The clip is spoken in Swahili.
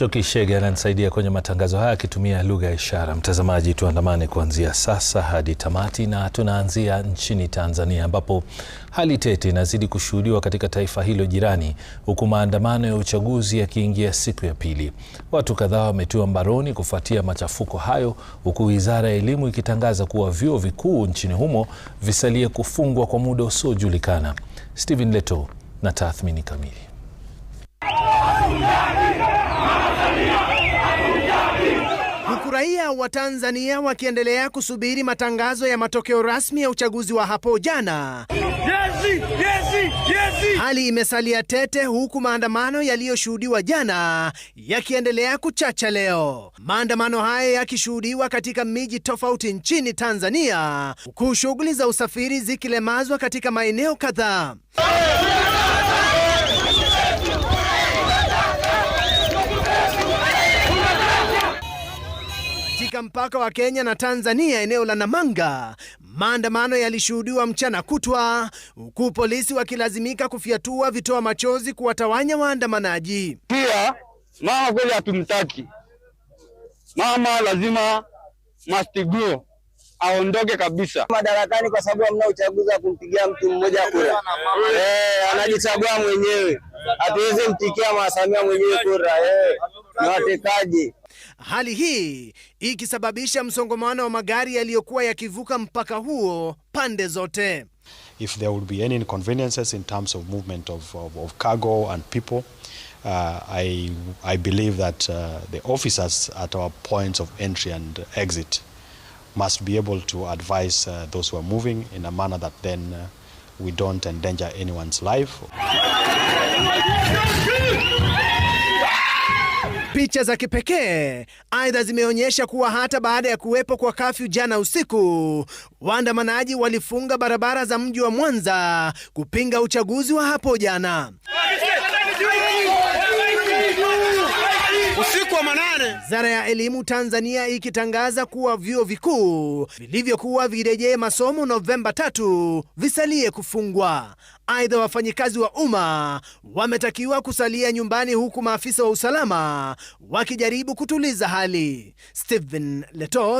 Toki Shege ananisaidia kwenye matangazo haya akitumia lugha ya ishara. Mtazamaji, tuandamane kuanzia sasa hadi tamati, na tunaanzia nchini Tanzania ambapo hali tete inazidi kushuhudiwa katika taifa hilo jirani, huku maandamano ya uchaguzi yakiingia siku ya pili. Watu kadhaa wametiwa mbaroni kufuatia machafuko hayo, huku wizara ya elimu ikitangaza kuwa vyuo vikuu nchini humo visalie kufungwa kwa muda usiojulikana. Stephen Leto na tathmini kamili. Raia wa Tanzania wakiendelea kusubiri matangazo ya matokeo rasmi ya uchaguzi wa hapo jana. Yes, yes, yes. Hali imesalia tete huku maandamano yaliyoshuhudiwa jana yakiendelea kuchacha leo. Maandamano haya yakishuhudiwa katika miji tofauti nchini Tanzania huku shughuli za usafiri zikilemazwa katika maeneo kadhaa. Katika mpaka wa Kenya na Tanzania, eneo la Namanga, maandamano yalishuhudiwa mchana kutwa, huku polisi wakilazimika kufyatua vitoa machozi kuwatawanya waandamanaji. Pia mama kweli hatumtaki mama, lazima must go aondoke kabisa madarakani, kwa sababu hamna uchaguzi wa kumpigia mtu mmoja kura. Eh, eh anajichagua mwenyewe, hatuwezi mpikia Mama Samia mwenyewe kura eh na watekaji. Hali hii ikisababisha msongamano wa magari yaliyokuwa yakivuka mpaka huo pande zote. If there will be any inconveniences in terms of movement of, of, of cargo and people, uh, I, I believe that uh, the officers at our points of entry and exit must be able to advise uh, those who are moving in a manner that then uh, we don't endanger anyone's life. Picha za kipekee aidha zimeonyesha kuwa hata baada ya kuwepo kwa kafyu jana usiku, waandamanaji walifunga barabara za mji wa Mwanza kupinga uchaguzi wa hapo jana usiku wa manane, Wizara ya Elimu Tanzania ikitangaza kuwa vyuo vikuu vilivyokuwa virejee masomo Novemba tatu visalie kufungwa. Aidha, wafanyikazi wa umma wametakiwa kusalia nyumbani huku maafisa wa usalama wakijaribu kutuliza hali. Stephen Leto